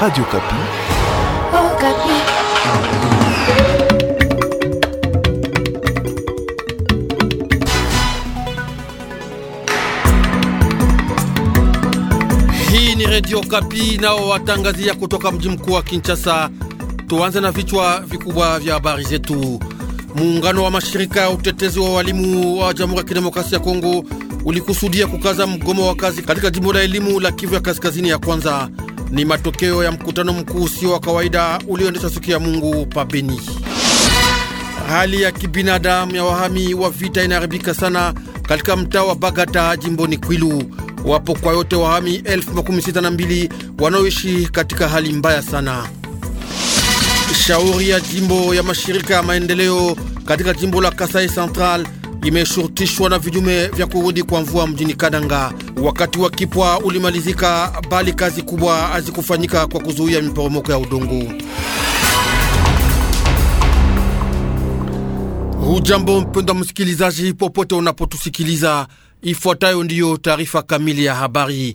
Radio Kapi. Oh, Kapi. Hii ni Radio Kapi nao watangazia kutoka mji mkuu wa Kinshasa. Tuanze na vichwa vikubwa vya habari zetu. Muungano wa mashirika ya utetezi wa walimu wa Jamhuri ya Kidemokrasia ya Kongo ulikusudia kukaza mgomo wa kazi katika jimbo la elimu la Kivu ya Kaskazini ya kwanza ni matokeo ya mkutano mkuu usio wa kawaida ulioendeshwa siku ya Mungu pabeni Hali ya kibinadamu ya wahami wa vita inaharibika sana katika mtaa wa Bagata jimboni Kwilu. Wapo kwa yote wahami elfu wanaoishi katika hali mbaya sana. Shauri ya jimbo ya mashirika ya maendeleo katika jimbo la Kasai Central imeshurutishwa na vijume vya kurudi kwa mvua mjini Kananga. Wakati wa kipwa ulimalizika, bali kazi kubwa hazikufanyika kwa kuzuia miporomoko ya udongo. Hujambo mpendwa msikilizaji, popote unapotusikiliza, ifuatayo ndiyo taarifa kamili ya habari.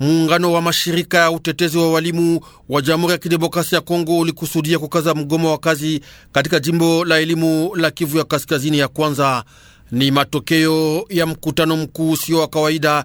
Muungano wa mashirika ya utetezi wa walimu wa Jamhuri ya Kidemokrasia ya Kongo ulikusudia kukaza mgomo wa kazi katika jimbo la elimu la Kivu ya Kaskazini ya kwanza ni matokeo ya mkutano mkuu usio wa kawaida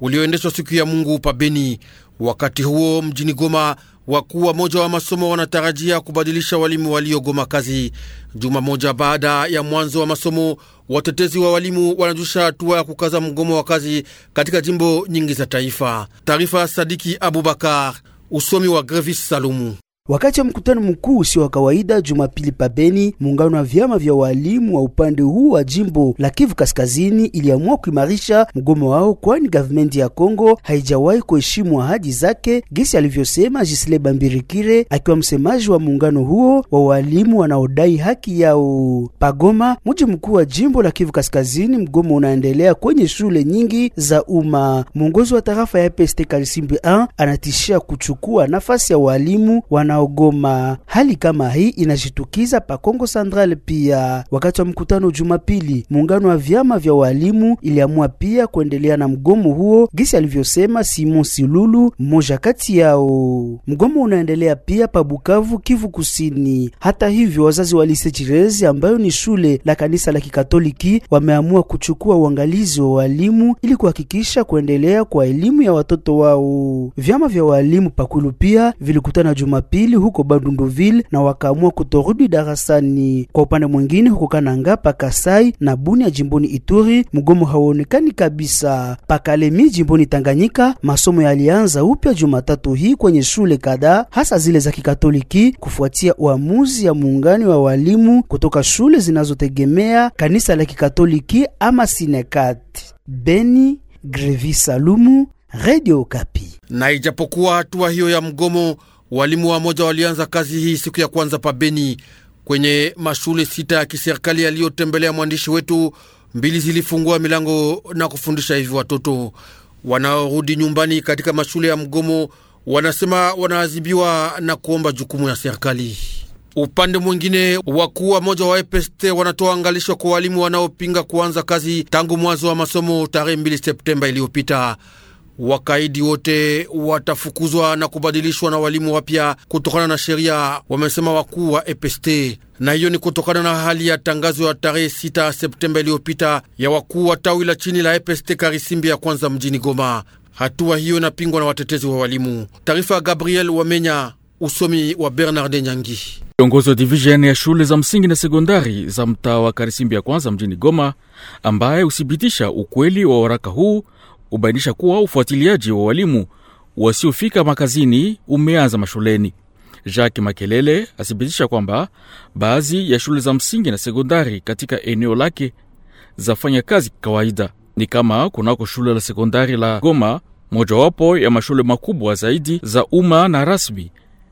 ulioendeshwa siku ya Mungu pabeni Wakati huo mjini Goma, wakuu wa moja wa masomo wanatarajia kubadilisha walimu waliogoma kazi. Juma moja baada ya mwanzo wa masomo, watetezi wa walimu wanajusha hatua ya kukaza mgomo wa kazi katika jimbo nyingi za taifa. Taarifa Sadiki Abubakar, usomi wa Grevis Salumu. Wakati wa mkutano mkuu usio wa kawaida Jumapili pabeni, muungano wa vyama vya walimu wa upande huu wa jimbo la Kivu Kaskazini iliamua kuimarisha mgomo wao, kwani gavumenti ya Kongo haijawahi kuheshimu ahadi zake, gisi alivyosema Jisle Bambirikire akiwa msemaji wa muungano huo wa walimu wanaodai haki yao. Pagoma, mji mkuu wa jimbo la Kivu Kaskazini, mgomo unaendelea kwenye shule nyingi za umma. Mwongozi wa tarafa ya Peste Kalisimbi 1 anatishia kuchukua nafasi ya walimu wana wanaogoma. Hali kama hii inajitukiza pa Kongo Central pia. Wakati wa mkutano Jumapili, muungano wa vyama vya walimu iliamua pia kuendelea na mgomo huo, gisi alivyosema Simon Silulu, mmoja kati yao. Mgomo unaendelea pia pa Bukavu, Kivu Kusini. Hata hivyo, wazazi wa Lise ambayo ni shule la kanisa la Kikatoliki wameamua kuchukua uangalizi wa walimu ili kuhakikisha kuendelea kwa elimu ya watoto wao. Vyama vya walimu pakulu pia vilikutana Jumapili mbili huko badunduville na wakaamua kutorudi darasani. Kwa upande mwingine, huko Kananga, Pakasai na buni ya jimboni Ituri, mgomo hauonekani kabisa. Pakalemi jimboni Tanganyika, masomo yalianza upya Jumatatu hii kwenye shule kadhaa, hasa zile za Kikatoliki kufuatia uamuzi ya muungano wa walimu kutoka shule zinazotegemea kanisa la Kikatoliki ama Sinekat. Beni, Grevi Salumu, Radio Kapi. Na ijapokuwa hatua hiyo ya mgomo Walimu wa moja walianza kazi hii siku ya kwanza pabeni kwenye mashule sita ya kiserikali yaliyotembelea mwandishi wetu. Mbili zilifungua milango na kufundisha hivi watoto wanaorudi nyumbani katika mashule ya mgomo wanasema wanaadhibiwa na kuomba jukumu ya serikali. Upande mwingine, wakuu wa moja wa EPST wanatoa angalisho kwa walimu wanaopinga kuanza kazi tangu mwanzo wa masomo tarehe 2 Septemba iliyopita. Wakaidi wote watafukuzwa na kubadilishwa na walimu wapya kutokana na sheria, wamesema wakuu wa EPST. Na hiyo ni kutokana na hali ya tangazo ya tarehe 6 Septemba iliyopita ya wakuu wa tawi la chini la EPST Karisimbi ya kwanza mjini Goma. Hatua hiyo inapingwa na watetezi wa walimu. Taarifa ya Gabriel Wamenya, usomi wa Bernard Nyangi. Kiongozi wa division ya shule za msingi na sekondari za mtaa wa Karisimbi ya kwanza mjini Goma, ambaye husibitisha ukweli wa waraka huu hubainisha kuwa ufuatiliaji wa walimu wasiofika makazini umeanza mashuleni. Jacques Makelele athibitisha kwamba baadhi ya shule za msingi na sekondari katika eneo lake zafanya kazi kawaida, ni kama kunako shule la sekondari la Goma, mojawapo ya mashule makubwa zaidi za umma na rasmi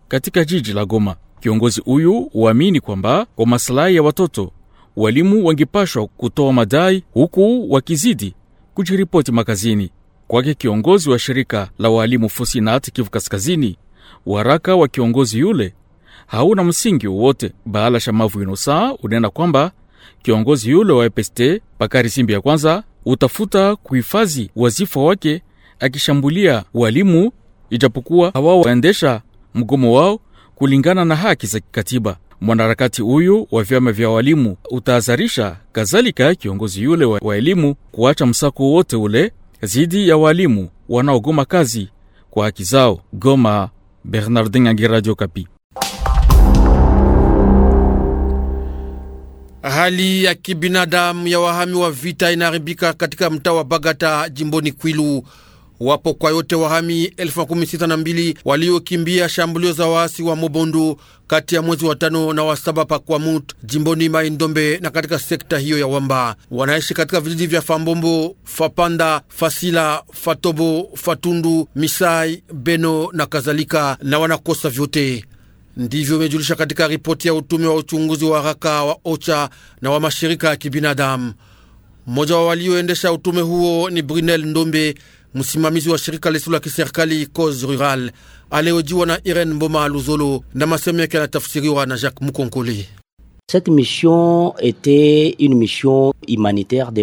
katika jiji la Goma. Kiongozi huyu huamini kwamba kwa masilahi ya watoto walimu wangepashwa kutoa madai huku wakizidi kujiripoti makazini kwake kiongozi wa shirika la waalimu Fusinat Kivu Kaskazini. Waraka wa kiongozi yule hauna msingi wowote. Bahala Shamavu Inosa unena kwamba kiongozi yule wa EPST Pakari Simbi ya kwanza utafuta kuhifadhi wazifa wake akishambulia walimu, ijapokuwa hawawaendesha mgomo wao kulingana na haki za kikatiba. Mwanaharakati huyu wa vyama vya walimu utahadharisha kadhalika kiongozi yule wa elimu kuacha msako wote ule dhidi ya walimu wanaogoma kazi kwa haki zao. Goma, Bernardin Angi, Radio Kapi. Hali ya kibinadamu ya wahami wa vita inaharibika katika mtaa wa Bagata jimboni Kwilu wapo kwa yote wahami 1062 waliokimbia shambulio za waasi wa Mobondu kati ya mwezi wa tano na wa saba Pakwamut jimboni Mai Ndombe na katika sekta hiyo ya Wamba. Wanaishi katika vijiji vya Fambombo, Fapanda, Fasila, Fatobo, Fatundu, Misai, Beno na kadhalika, na wanakosa vyote. Ndivyo imejulisha katika ripoti ya utume wa uchunguzi wa haraka wa OCHA na wa mashirika ya kibinadamu. Mmoja wa walioendesha utume huo ni Brunel Ndombe msimamizi wa shirika lisilo la kiserikali Cause Rural, aliojiwa na Irene Mboma Luzolo na masemo yake yanatafsiriwa na Jacques Mukonkoli. Cette mission était une mission humanitaire de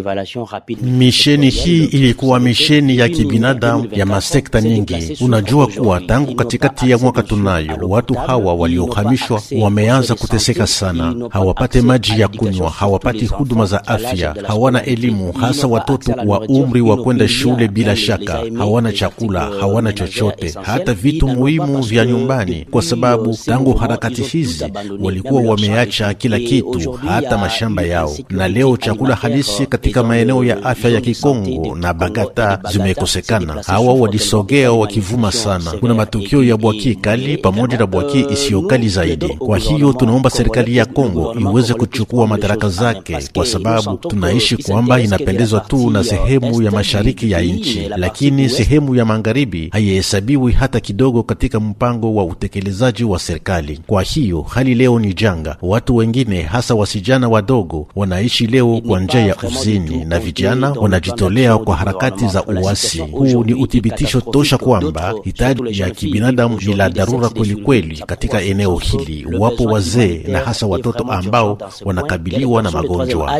rapide. Misheni hii ilikuwa misheni ya kibinadamu ya masekta nyingi. Unajua kuwa tangu katikati ya mwaka tunayo watu hawa waliohamishwa wameanza kuteseka sana, hawapate maji ya kunywa, hawapati huduma za afya, hawana elimu, hasa watoto wa umri wa kwenda shule. Bila shaka hawana chakula, hawana chochote, hata vitu muhimu vya nyumbani, kwa sababu tangu harakati hizi walikuwa wameacha kila kila kitu, hata mashamba yao. Na leo chakula halisi katika maeneo ya afya ya Kikongo na Bagata zimekosekana. Hawa walisogea wakivuma sana. Kuna matukio ya bwaki kali pamoja na bwaki euh, isiyokali zaidi. Kwa hiyo tunaomba serikali ya Kongo iweze kuchukua madaraka zake, kwa sababu tunaishi kwamba inapendezwa tu na euh, sehemu ya mashariki ya nchi, lakini sehemu ya magharibi haihesabiwi hata kidogo katika mpango wa utekelezaji wa serikali. Kwa hiyo hali leo ni janga, watu wengine wengine hasa wasijana wadogo wanaishi leo kwa njia ya uzini, na vijana wanajitolea kwa harakati za uasi. Huu ni uthibitisho tosha kwamba hitaji ya kibinadamu ni la dharura kwelikweli katika eneo hili. Wapo wazee na hasa watoto ambao wanakabiliwa na magonjwa.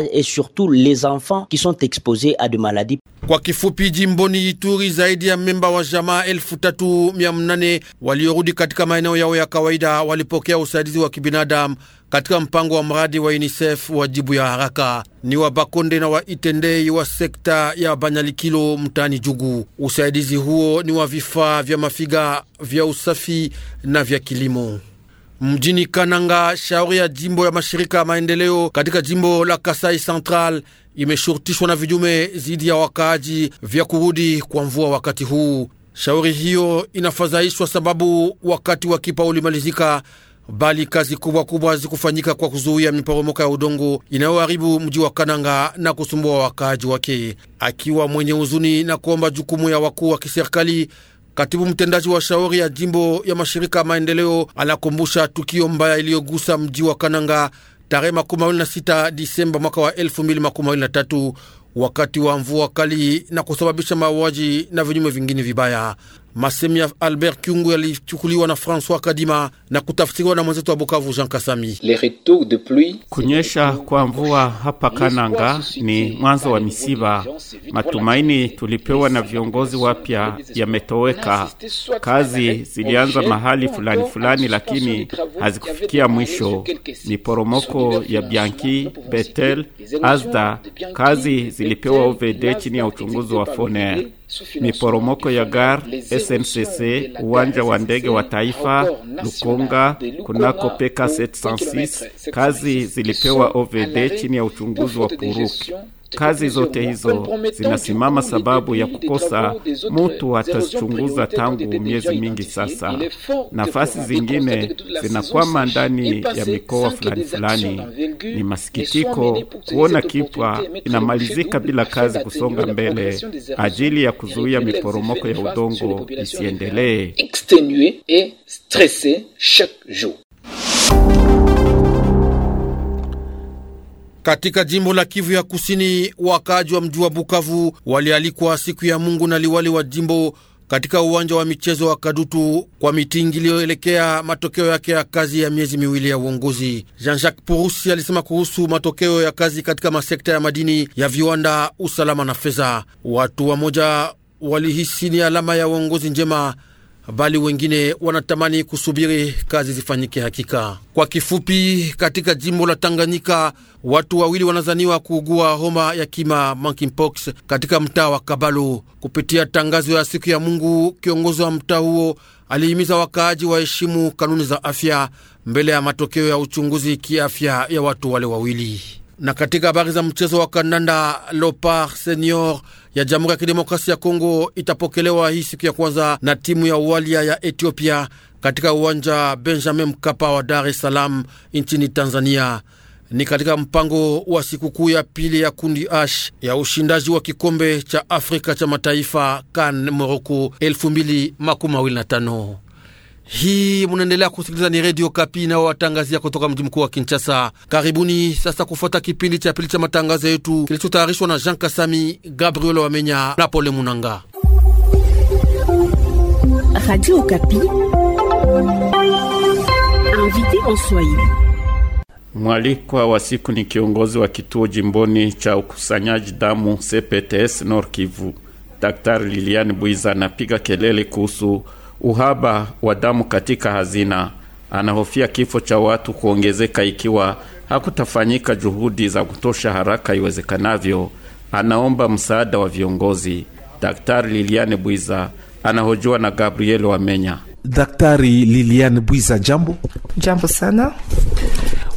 Kwa kifupi, jimboni Ituri, zaidi ya memba wa jamaa elfu tatu mia nane waliorudi katika maeneo yao ya kawaida walipokea usaidizi wa kibinadamu katika mpango wa mradi wa UNICEF wa jibu ya haraka ni wa Bakonde na wa Itendei wa sekta ya Banyalikilo mtaani Jugu. Usaidizi huo ni wa vifaa vya mafiga vya usafi na vya kilimo. Mjini Kananga, shauri ya jimbo ya mashirika ya maendeleo katika jimbo la Kasai Central imeshurutishwa na vijume zidi ya wakaaji vya kurudi kwa mvua wakati huu. Shauri hiyo inafadhaishwa sababu wakati wa kipa ulimalizika bali kazi kubwa kubwa zikufanyika kwa kuzuia miporomoko ya udongo inayoharibu mji wa Kananga na kusumbua wakaaji wake. Akiwa mwenye huzuni na kuomba jukumu ya wakuu wa kiserikali, katibu mtendaji wa shauri ya jimbo ya mashirika ya maendeleo anakumbusha tukio mbaya iliyogusa mji wa Kananga tarehe 26 Disemba mwaka wa 2023 wakati wa mvua kali na kusababisha mauaji na vinyume vingine vibaya. Masemi ya Albert Kyungu yalichukuliwa na Francois Kadima na kutafsiriwa na mwenzetu wa Bukavu Jean Kasami. Kunyesha kwa mvua hapa Kananga ni mwanzo wa misiba. Matumaini tulipewa na viongozi wapya yametoweka. Kazi zilianza mahali fulani fulani, lakini hazikufikia mwisho. Miporomoko ya Bianki, Betel, Azda, kazi zilipewa OVD chini ya uchunguzi wa FONER miporomoko ya gar SNCC, uwanja wa ndege wa taifa Lukonga, kunako PK 706 kazi zilipewa OVD chini ya uchunguzi wa Puruki. Kazi zote hizo zinasimama sababu ya kukosa mutu atachunguza tangu miezi mingi sasa. Nafasi zingine zinakwama ndani ya mikoa fulani fulani. Ni masikitiko kuona kipwa inamalizika bila kazi kusonga mbele ajili ya kuzuia miporomoko ya udongo isiendelee. Katika jimbo la Kivu ya Kusini, wakaaji wa mji wa Bukavu walialikwa siku ya Mungu na liwali wa jimbo katika uwanja wa michezo wa Kadutu kwa mitingi iliyoelekea matokeo yake ya kazi ya miezi miwili ya uongozi. Jean-Jacques Purusi alisema kuhusu matokeo ya kazi katika masekta ya madini ya viwanda, usalama na fedha. Watu wamoja walihisi ni alama ya uongozi njema bali wengine wanatamani kusubiri kazi zifanyike hakika. Kwa kifupi, katika jimbo la Tanganyika watu wawili wanazaniwa kuugua homa ya kima monkeypox katika mtaa wa Kabalo. Kupitia tangazo ya siku ya Mungu, kiongozi wa mtaa huo alihimiza wakaaji waheshimu kanuni za afya mbele ya matokeo ya uchunguzi kiafya ya watu wale wawili. Na katika habari za mchezo wa kandanda, Lopar Senior ya Jamhuri ya Kidemokrasia ya Kongo itapokelewa hii siku ya kwanza na timu ya uwalia ya Ethiopia katika uwanja Benjamin Mkapa wa Dar es Salaam nchini Tanzania. Ni katika mpango wa sikukuu ya pili ya kundi H ya ushindaji wa kikombe cha Afrika cha mataifa CAN Morocco 2025. Hii munaendelea kusikiliza, ni redio Kapi nao watangazia kutoka mji mkuu wa Kinshasa. Karibuni sasa kufuata kipindi cha pili cha matangazo yetu kilichotayarishwa na Jean Kasami, Gabriel Wamenya na Pole Munanga. Mwalikwa wa siku ni kiongozi wa kituo jimboni cha ukusanyaji damu CPTS Nord Kivu, Daktari Liliane Bwiza anapiga kelele kuhusu uhaba wa damu katika hazina. Anahofia kifo cha watu kuongezeka ikiwa hakutafanyika juhudi za kutosha haraka iwezekanavyo. Anaomba msaada wa viongozi. Daktari Liliane Bwiza anahojiwa na Gabriel Wamenya. Daktari Liliane Bwiza, jambo. Jambo sana.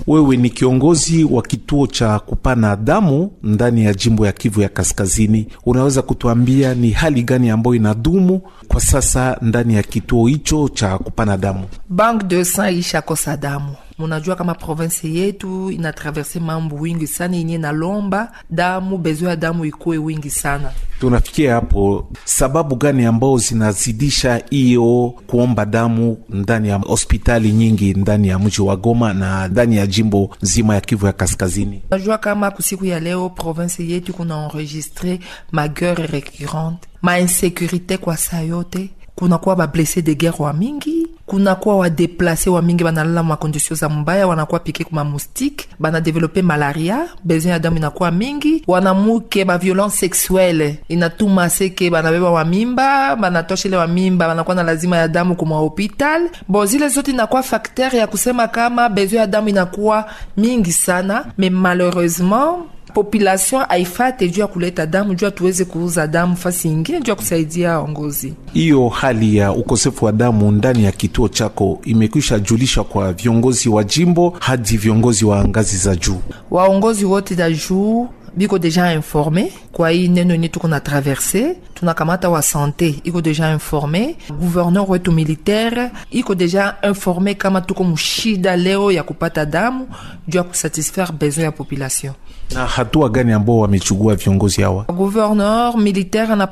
Wewe ni kiongozi wa kituo cha kupana damu ndani ya jimbo ya Kivu ya Kaskazini, unaweza kutuambia ni hali gani ambayo inadumu kwa sasa ndani ya kituo hicho cha kupana damu. Bank de sang ishakosa damu. Munajua kama province yetu inatraverse mambo wingi sana yenye na lomba damu, bezo ya damu ikuwe wingi sana. Tunafikia hapo, sababu gani ambao zinazidisha hiyo kuomba damu ndani ya hospitali nyingi ndani ya mji wa Goma na ndani ya jimbo nzima ya Kivu ya Kaskazini? Unajua kama kusiku ya leo province yetu kuna enregistre magueur recurrente mainsekurite kwa saa yote kunakuwa bablesse de guerre wa mingi kunakuwa wadeplace wa mingi banalala mwa kondisio za mbaya wanakuwa pike kuma mustike banadevelope malaria besoin ya damu inakuwa mingi wanamuke baviolence sexuele inatuma seke banabeba wamimba banatoshele wamimba banakuwa na lazima ya damu kuma hopital bo zile zote inakuwa fakter ya kusema kama besoin ya damu inakuwa mingi sana me malheureusement population haifate juu ya kuleta damu, juu tuweze kuuza damu fasi ingine, juu ya kusaidia waongozi. Hiyo hali ya ukosefu wa damu ndani ya kituo chako imekwisha julisha kwa viongozi wa jimbo hadi viongozi wa ngazi za juu, waongozi wote za juu biko deja informe kwa hii neno ni tuko na traverse tunakamata wa sante iko deja informe gouverneur wetu militaire iko deja informe kama tuko mshida leo ya kupata damu juu ya kusatisfaire besoin ya population na hatua gani ambao wamechugua viongozi hawa? Gouverneur militaire ana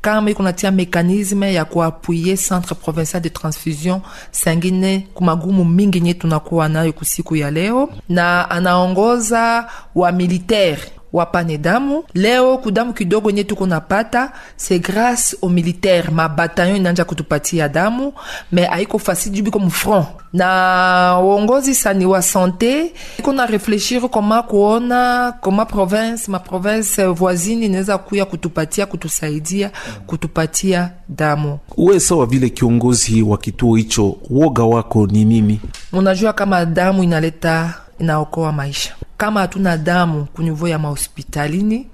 kama iko natia mekanisme ya kuapuye centre provincial de transfusion sangine kumagumu mingi nye tunakuwa nayo kusiku ya leo, na anaongoza wa militaire wapane damu leo kudamu kidogo nye tuko napata se grâce au militaire mabatayon inanja kutupatia damu me aiko fasili jubi komu front na uongozi sani wa sante iko na reflechir koma kuona koma province ma province voisine inaweza kuya kutupatia kutusaidia kutupatia damu. Uwe sawa vile kiongozi wa kituo hicho, woga wako ni nini? Munajua kama damu inaleta inaokoa maisha kama hatuna damu kunivo ya mahospitalini,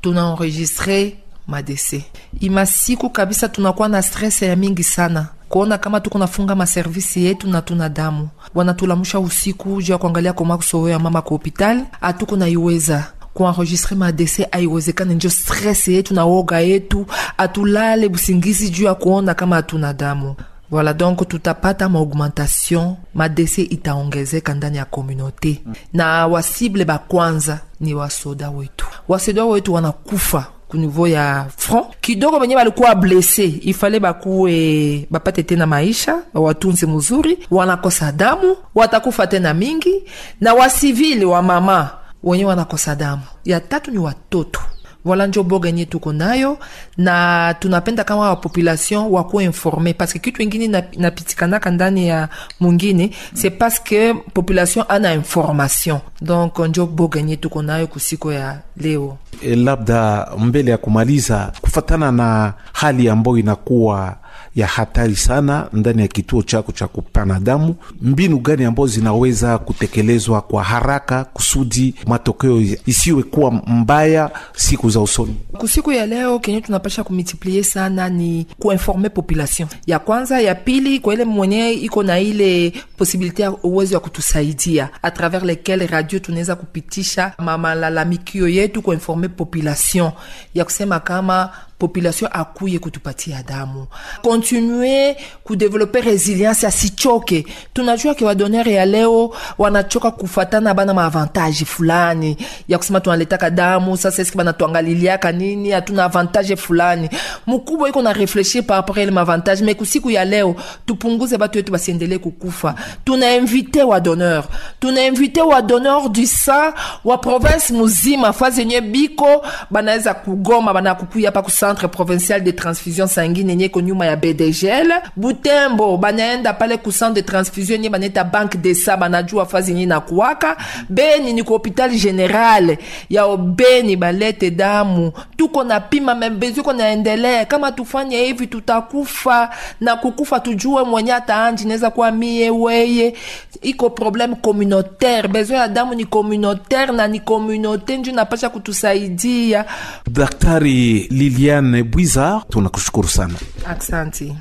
tunaenregistre madese. Imasiku kabisa tunakuwa na stress ya mingi sana kuona kama tuko nafunga maservisi yetu na tuna damu, wanatulamusha usiku juu ya kuangalia komakusowo ya mama kwa hopitali, hatuko naiweza kuenregistre madese, aiwezekane. Njo stress yetu na woga yetu, atulale busingizi juu ya kuona kama hatuna damu. Voilà, donc tutapata maugmentation, madese itaongezeka ndani ya komunote mm. na wasible ba kwanza ni wasoda wetu. Wasoda wetu wanakufa niveau ya front kidogo, benye balikuwa blesse ifale bakuwe bapate tena maisha, watunze muzuri, wanakosa damu, watakufa tena mingi, na wasivili wa mama wenye wanakosa damu. Ya tatu ni watoto Wala njo boga tuko nayo, na tunapenda kama wa population wako informe, paske kitu ingine napitikanaka ndani ya mungine c'est parce que population ana information. Donc njo boga tuko nayo kusiko ya leo. E, labda mbele ya kumaliza, kufatana na hali ambayo inakuwa ya hatari sana ndani ya kituo chako cha kupana damu. Mbinu gani ambazo zinaweza kutekelezwa kwa haraka kusudi matokeo isiwe kuwa mbaya siku za usoni? Kusiku ya leo kenye tunapasha kumultiplie sana ni kuinforme population ya kwanza, ya pili kwa ile mwenyewe iko na ile posibilite ya uwezo ya kutusaidia a travers lesquelles radio tunaweza kupitisha mamalalamikio yetu kuinforme population ya kusema kama population akuye kutupatia damu. Continue kudevelope resilience asichoke. Tunajua ke wadonere ya leo wanachoka kufatana bana maavantage fulani ya kusema tunaletaka damu, sasa eske bana tuangaliliaka nini, hatuna avantage fulani. Mkubwa iko na réfléchi par rapport ile maavantage, mais kusiku ya leo tupunguze batu yetu basiendelee kukufa. Tunainvite wadoneur, tunainvite wadoneur du sang wa province muzima fazi yenye biko banaweza kugoma, bana kukuya pa centre provincial de transfusion sanguine nye konyuma ya bdgl butembo banaenda pale ku de transfusion nye baneta banque de sa banajua fazi nye na kuwaka beni ni ku hôpital général ya obeni balete damu qu'on a pima mbezuko naendelea kama à hivi tutakufa na kukufa tujue mwenye ataanji neza kuwa mie weye iko problème communautaire besoin ya ni communautaire na ni na nju napasha kutusaidia daktari lilia Liliane Bwizar, tunakushukuru sana, asante.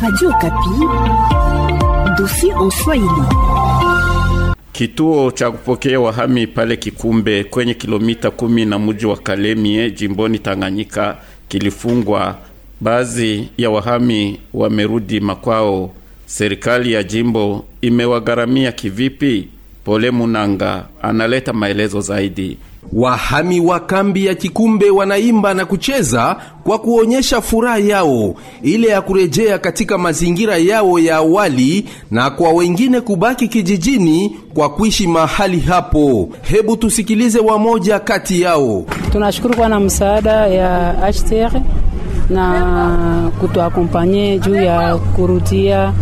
Radio Okapi, dossier en Swahili. Kituo cha kupokea wahami pale Kikumbe kwenye kilomita kumi na mji wa Kalemie jimboni Tanganyika kilifungwa. Baadhi ya wahami wamerudi makwao. Serikali ya jimbo imewagharamia kivipi? Pole Munanga analeta maelezo zaidi. Wahami wa kambi ya Kikumbe wanaimba na kucheza kwa kuonyesha furaha yao ile ya kurejea katika mazingira yao ya awali na kwa wengine kubaki kijijini kwa kuishi mahali hapo. Hebu tusikilize wamoja kati yao. Tunashukuru kwa na msaada ya HTR na kutuakompanye juu ya kurudia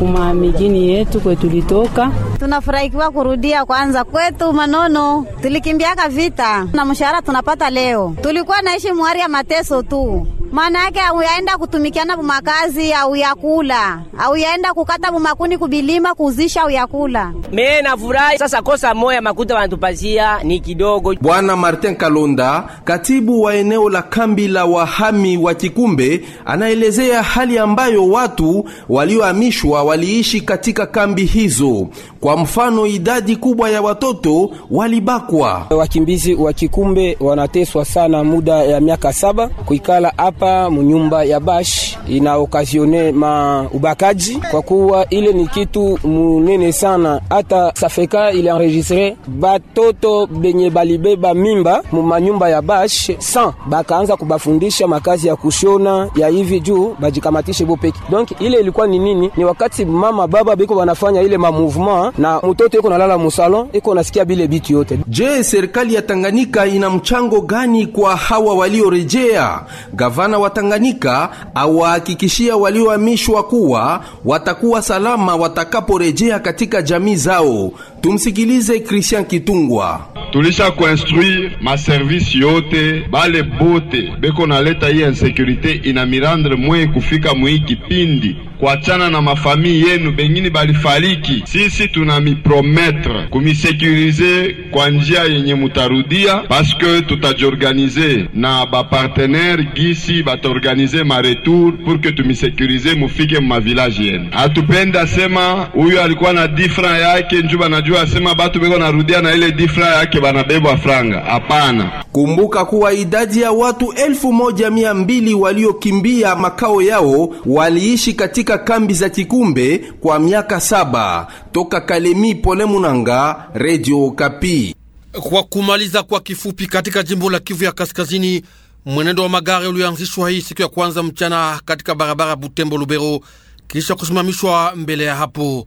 kuma mijini yetu kwe tulitoka. Tunafurahikiwa kurudia kwanza kwetu Manono, tulikimbiaka vita na mshahara tunapata leo. Tulikuwa naishi mwari ya mateso tu maana yake auyaenda kutumikiana bumakazi au yakula au yaenda kukata bumakuni kubilima kuzisha au yakula. Me na furahi sasa, kosa moya makuta wanatupasia ni kidogo. Bwana Martin Kalonda, katibu wa eneo la kambi la wahami wa Kikumbe, anaelezea hali ambayo watu waliohamishwa waliishi katika kambi hizo. Kwa mfano, idadi kubwa ya watoto walibakwa. Wakimbizi wa Kikumbe wanateswa sana muda ya miaka saba kuikala hapa hapa munyumba ya Bash ina okazione ma ubakaji, kwa kuwa ile ni kitu munene sana. Hata Safeka enregistre batoto benye balibeba mimba manyumba ya Bash san bakaanza kubafundisha makazi ya kushona ya hivi juu bajikamatishe bopeki. Donc ile ilikuwa ni nini? Ni wakati mama baba biko wanafanya ile ma mouvement na mtoto iko nalala musalon iko nasikia bile bitu yote. Je, serikali ya Tanganyika ina mchango gani kwa hawa waliorejea? Gavana Gavana wa Tanganyika awahakikishia waliohamishwa kuwa watakuwa salama watakaporejea katika jamii zao. Tumsikilize Christian Kitungwa tulisha kuinstruire maservisi yote bale bote beko naleta hiyi insekurite ina mirandre mwe kufika mwikipindi kuachana na mafamii yenu bengine balifariki. Sisi tuna miprometre kumisekurize kwa njia yenye mutarudia, paske tutajiorganize na bapartenere gisi bataorganize maretour pour que tumisekurize mufike mumavilaji yenu. Hatupenda asema huyu alikuwa na difra yake njuba, najua asema batu beko narudia na ile difra yake watu wanabebwa franga. Hapana, kumbuka kuwa idadi ya watu elfu moja mia mbili waliokimbia makao yao waliishi katika kambi za Kikumbe kwa miaka saba. Toka Kalemi, Pole Munanga, Radio Kapi. Kwa kumaliza kwa kifupi, katika jimbo la Kivu ya Kaskazini, mwenendo wa magari ulioanzishwa hii siku ya kwanza mchana katika barabara Butembo Lubero, kisha kusimamishwa mbele ya hapo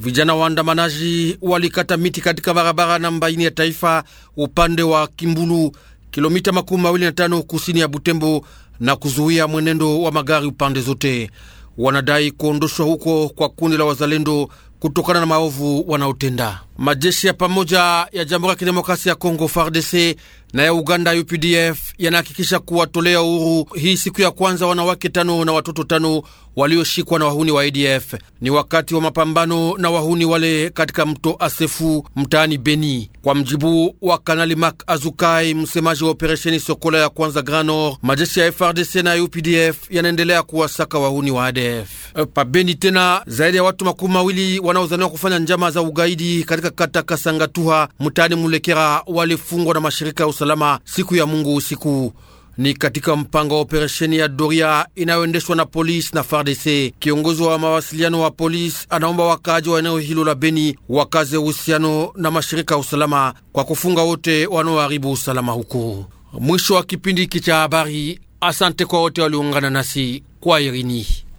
Vijana waandamanaji walikata miti katika barabara namba ine ya taifa upande wa Kimbulu, kilomita makumi mawili na tano kusini ya Butembo, na kuzuia mwenendo wa magari upande zote. Wanadai kuondoshwa huko kwa kundi la wazalendo kutokana na maovu wanaotenda. Majeshi ya pamoja ya Jamhuri ya Kidemokrasia ya Kongo FARDC na ya Uganda UPDF yanahakikisha kuwatolea uhuru hii siku ya kwanza wanawake tano na watoto tano walioshikwa na wahuni wa ADF. Ni wakati wa mapambano na wahuni wale katika mto Asefu mtaani Beni. Kwa mjibu wa Kanali Mak Azukai, msemaji wa operesheni Sokola ya kwanza Granor, majeshi ya FRDC na UPDF yanaendelea kuwasaka wahuni wa ADF eh, pa Beni. Tena zaidi ya watu makumi mawili wanaozaniwa kufanya njama za ugaidi katika kata Kasangatuha mtaani Mulekera walifungwa na mashirika ya usalama siku ya Mungu usiku ni katika mpango wa operesheni ya doria inayoendeshwa na polisi na FARDC. Kiongozi wa mawasiliano wa polisi anaomba wakaaji wa eneo hilo la Beni wakaze uhusiano na mashirika ya usalama kwa kufunga wote wanaoharibu usalama huko. Mwisho wa kipindi hiki cha habari. Asante kwa wote waliungana nasi kwa Irini.